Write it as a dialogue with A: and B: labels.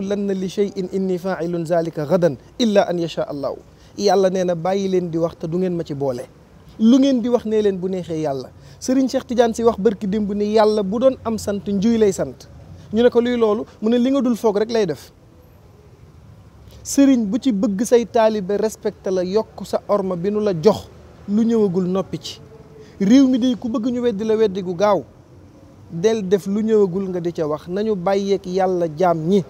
A: lan na li shay'in inni fa'ilun zalika gadan illa an yasha allahu yàlla nee na bàyyi leen di wax te du ngeen ma ci boole lu ngeen di wax nee leen bu neexee yàlla Serigne Cheikh Tidiane si wax barki démb ni yàlla bu doon am sant njuy lay sant ñu ne ko luy loolu mu ne li nga dul foog rek lay def sëriñ bu ci bëgg say taalibe respecté la yokk sa orma bi nu la jox lu ñëwagul noppi ci réew mi di ku bëgg ñu weddi la weddi gu gaaw del def lu ñëwagul nga di ca wax nañu bàyyeek yàlla jaam ñi